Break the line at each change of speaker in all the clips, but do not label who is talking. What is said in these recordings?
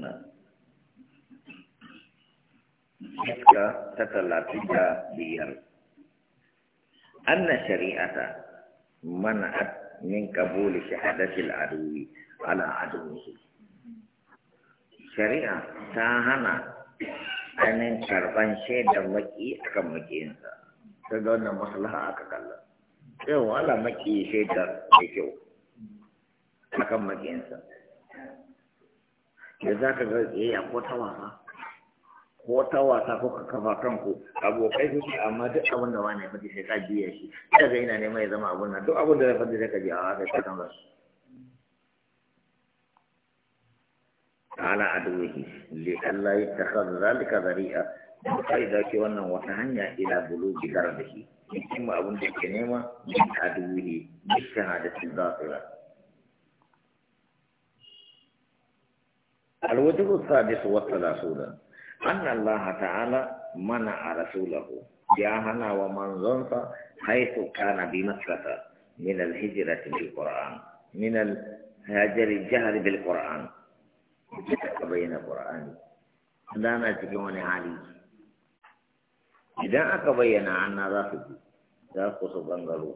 suna iska ta tiga biar. biyar anna shari'ata mana'at min kabuli shahadatil adui ala aduwihi shari'a ta hana ainihin karban shaidar maki akan maki ta ga masalah akan aka kalla sai wala maki shaidar da kyau akan insa. da za ka ga tsayayya ko ta wasa ko ta wasa ko ka kafa kanku abokai su ce amma duk abin da wani fadi sai ka biya shi ina ga ina neman ya zama abin nan duk abin da ya fadi sai ka biya wa sai kan rasu ta'ala aduwihi li Allah ya takhadha zalika zari'a sai da ke wannan wata hanya ila bulugi gardahi kuma abin da ke nema min aduwihi bi shahadatil zakira الوجه السادس والثلاثون أن الله تعالى منع رسوله جاهنا ومن ظنف حيث كان بمكة من الهجرة بالقرآن من الهجر الجهر بالقرآن بين القرآن هذا أنا تكون إذا أكبينا عنا رافضي ذاك سبحان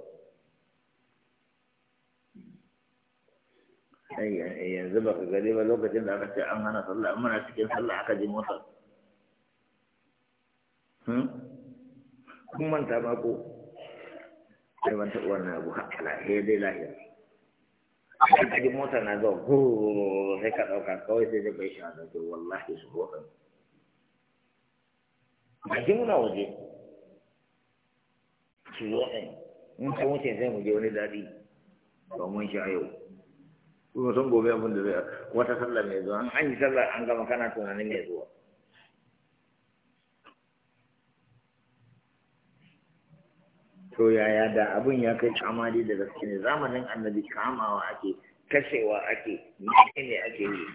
yanzu ba ka gari ba lokacin da aka ce an hana sallah an mana cikin sallah aka ji motsa hmm? kun manta ma ko sai ban taɓa wannan abu haƙala sai dai lahiya aka ji motsa na zuwa gurururu sai ka ɗauka kawai sai dai bai shi a ɗauke wallahi su roƙa ba ji muna waje su ɗin in ka wuce sai mu je wani daɗi ba mun sha yau kuma gobe abin da zai wata sallah mai zuwa an yi sallah an gama kana tunanin mai zuwa to yaya da abin ya kai kamari da gaske ne zamanin annabi kamawa ake kashewa ake mai ne ake yi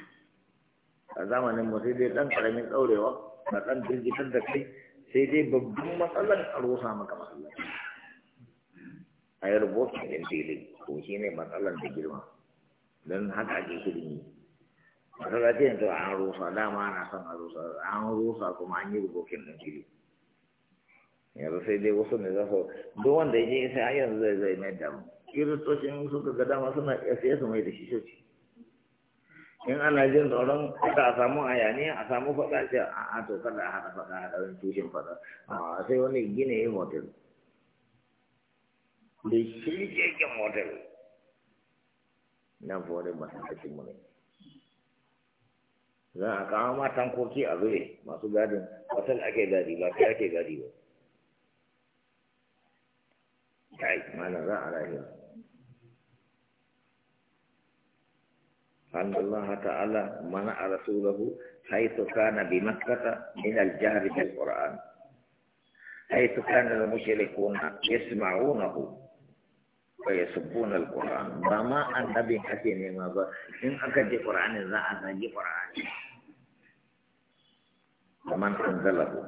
a zamanin mu sai dai dan karamin daurewa na dan jirgitar da kai sai dai babban matsalar a rusa maka masallaci a yi rubutu ɗin filin ko shi ne matsalar da girma don haka ake shirin yi masallaci yanzu an ah, rusa dama ana son a rusa an ah, rusa kuma an yi rubokin ɗin fili yanzu sai dai wasu ne za su duk wanda ya je sai har yanzu zai zai mai damu kiristocin suka ga dama suna iya sai su mai da shi shoci in ana jin tsoron kada a samu hayaniya a samu faɗa ce a to kada a haɗa faɗa a ɗaurin tushen faɗa sai wani gine yin hotel da shi yake hotel nan wurin masallacin mu ne za a kawo ma tankoki a zure masu gadin hotel ake gadi ba kai ake gadi ba kai mana za a rahiyar أن الله تعالى منع رسوله حيث كان بمكة من الجهر بالقرآن حيث كان المشركون يسمعونه wa yasubbuna al-Qur'an ba ma annabi ne ma ba in aka ji Qur'ani za a zagi Qur'ani man anzalahu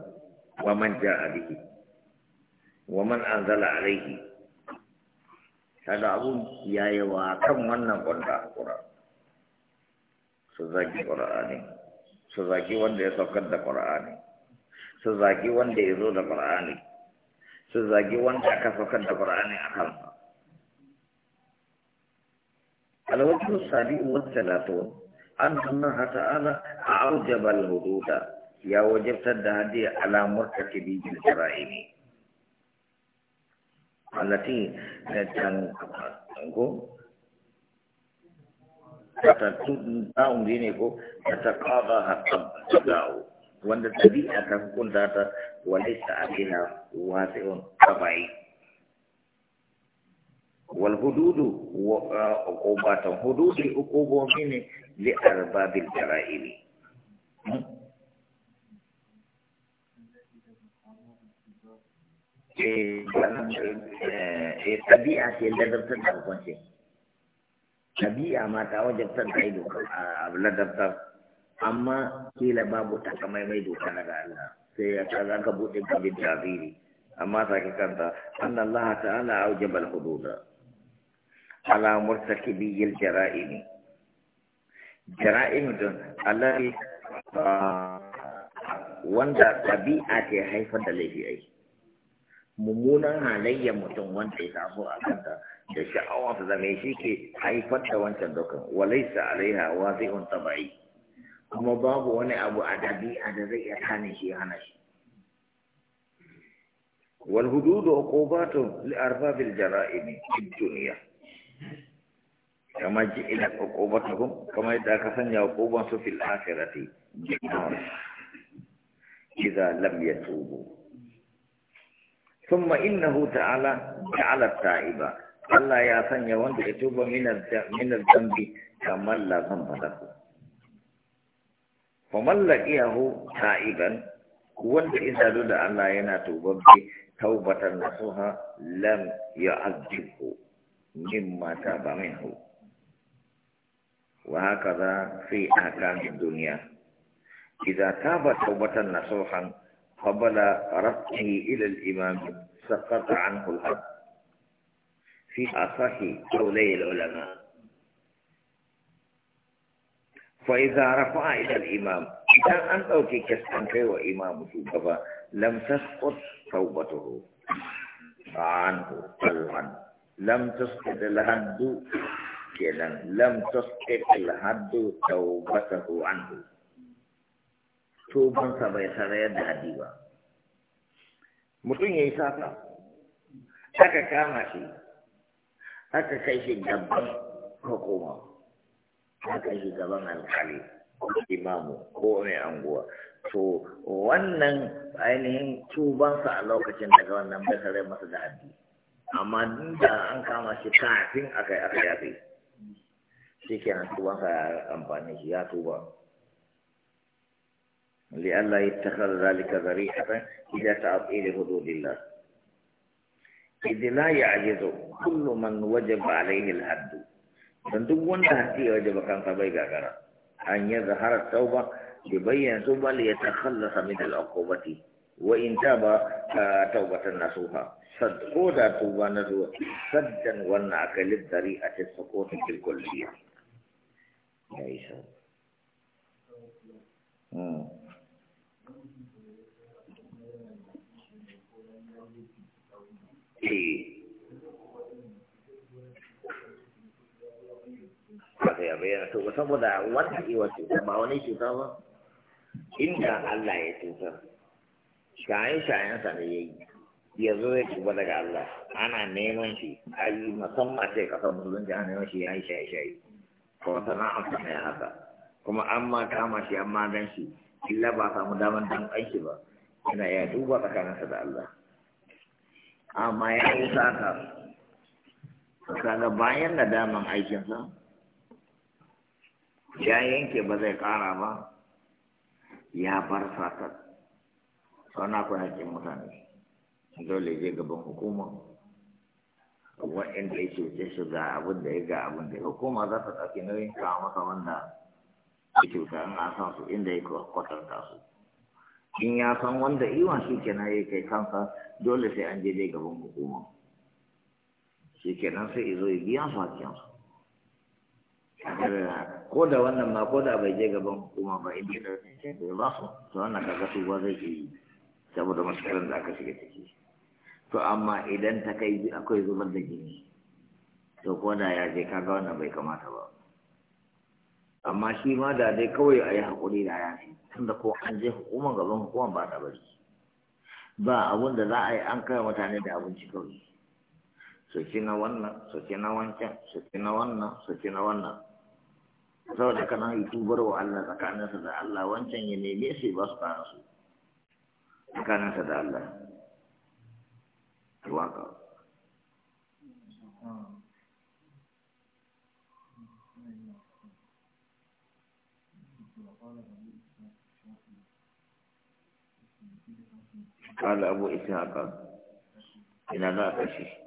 wa man jaa bihi wa man anzala alayhi kada abun yayewa kan wannan gonda Qur'an su zagi Qur'ani su zagi wanda ya saukar da Qur'ani su zagi wanda ya zo da Qur'ani su zagi wanda aka saukar da Qur'ani a kansa الوجه السابع والثلاثون أن الله تعالى أعجب الهدود يا وجب تدهدي على مرتكبي الجرائم التي تنقل taun dini ko ta qada hatta tadau wanda tabi'a kan kun والحدود عقوبات حدود العقوبة من لأرباب الجرائم tabi'a ce ladabtar da hukunci tabi'a mata ta wajabtar da ido a ladabtar amma kila babu takamaimai doka na ga Allah sai ya kaza ka buɗe babin tabiri amma sake kanta annallaha ta'ala aujaba al-hududa على مرتكبي الجرائم جرائم دون الذي wanda ɗabi'a ke haifar da laifi mummunan halayyar mutum wanda ya taso a kanta da sha'awa ta zame shi ke haifar da wancan dukan walaisa alaiha wa zai unta kuma babu wani abu a ɗabi'a da zai iya kane shi hana shi wal hududu uqubatu li arbabil jara'im fid dunya kamar ji ila ƙoƙobatahum kamar yadda aka sanya ƙoban su fil akhirati jinar idza lam yatubu thumma innahu ta'ala ja'ala ta'iba Allah ya sanya wanda ya tuba min al-dambi kamar la zamba lahu faman laqiyahu ta'iban wanda izadu da Allah yana tubabbe taubatan nasuha lam mata ba taba minhu وهكذا في أحكام الدنيا إذا تاب توبة نصوحا قبل رفعه إلى الإمام سقط عنه الحد في أصح قولي العلماء فإذا رفع إلى الإمام إذا أن أوتي كسبا كي وإمام سوكبا لم تسقط توبته عنه الهد لم تسقط الهد kenan lam tasqit al-haddu tawbatahu anhu tuban sa bai sarayar da hadi ba mutum yayi sata aka kama shi aka kai shi gaban hukuma aka kai shi gaban alkali imamu ko mai anguwa to wannan ainihin tubansa a lokacin daga wannan bai sarai masa da hadi amma da an kama shi kafin aka yi aka yi shi ke nan tubansa ya amfani shi ya tuba li'alla yattakhadha dhalika zari'atan ila ta'til hududillah idh la ya'jizu kullu man wajaba alayhi al-hadd dan duk wanda haddi ya wajaba kansa bai gagara an yadhhara tauba bi bayyan tuba li yatakhallasa min al-uqubati wa in taubatan tawbatan ko da tuba na zuwa, saddan wannan akalin dari a ta sako ta kirkulliya ya yi hmm. eh. sa ya bayyana to saboda wata iwa cuta ba wani cuta ba inda Allah ya cuta shaye-shayensa da ya yi ya zo ya tuba daga Allah ana neman shi a yi musamman sai kasar musulunci ana neman shi ya yi shaye-shaye ko sana'arsa na ya haka kuma an ma kama shi an ma gan shi illa ba samu damar dan aiki ba yana ya duba tsakaninsa da Allah amma ya yi saka kaga bayan da daman aikinsa ya yanke ba zai kara ba ya bar satar sauna kwanakin mutane dole zai gaban hukuma wa'inda ya ce shi ga abin da ya ga abin da ya hukuma za ta ɗauki nauyin kawo masa wanda ya cuta in a san su inda ya kwatanta su in ya san wanda iwan shi kenan ya kai kansa dole sai an je zai gaban hukuma shi nan sai izo ya biya su hakiyansu ko da wannan ma ko da bai je gaban hukuma ba inda ya ɗauki ba su to wannan kaga su ba zai yi saboda masu da aka shiga ciki to amma idan ta kai akwai zubar da jini to ko da ya je kaga wannan bai kamata ba amma shi ma da dai kawai a yi haƙuri da ya ne tunda ko an je hukumar gaban hukumar ba ta bari ba abun da za a yi an kai mutane da abinci kawai su ci na wannan su ci na wancan su ci na wannan su ci na wannan saboda kana yi tubar wa Allah tsakaninsa da Allah wancan ya neme su ba su kana su tsakaninsa da Allah keluarga. Kalau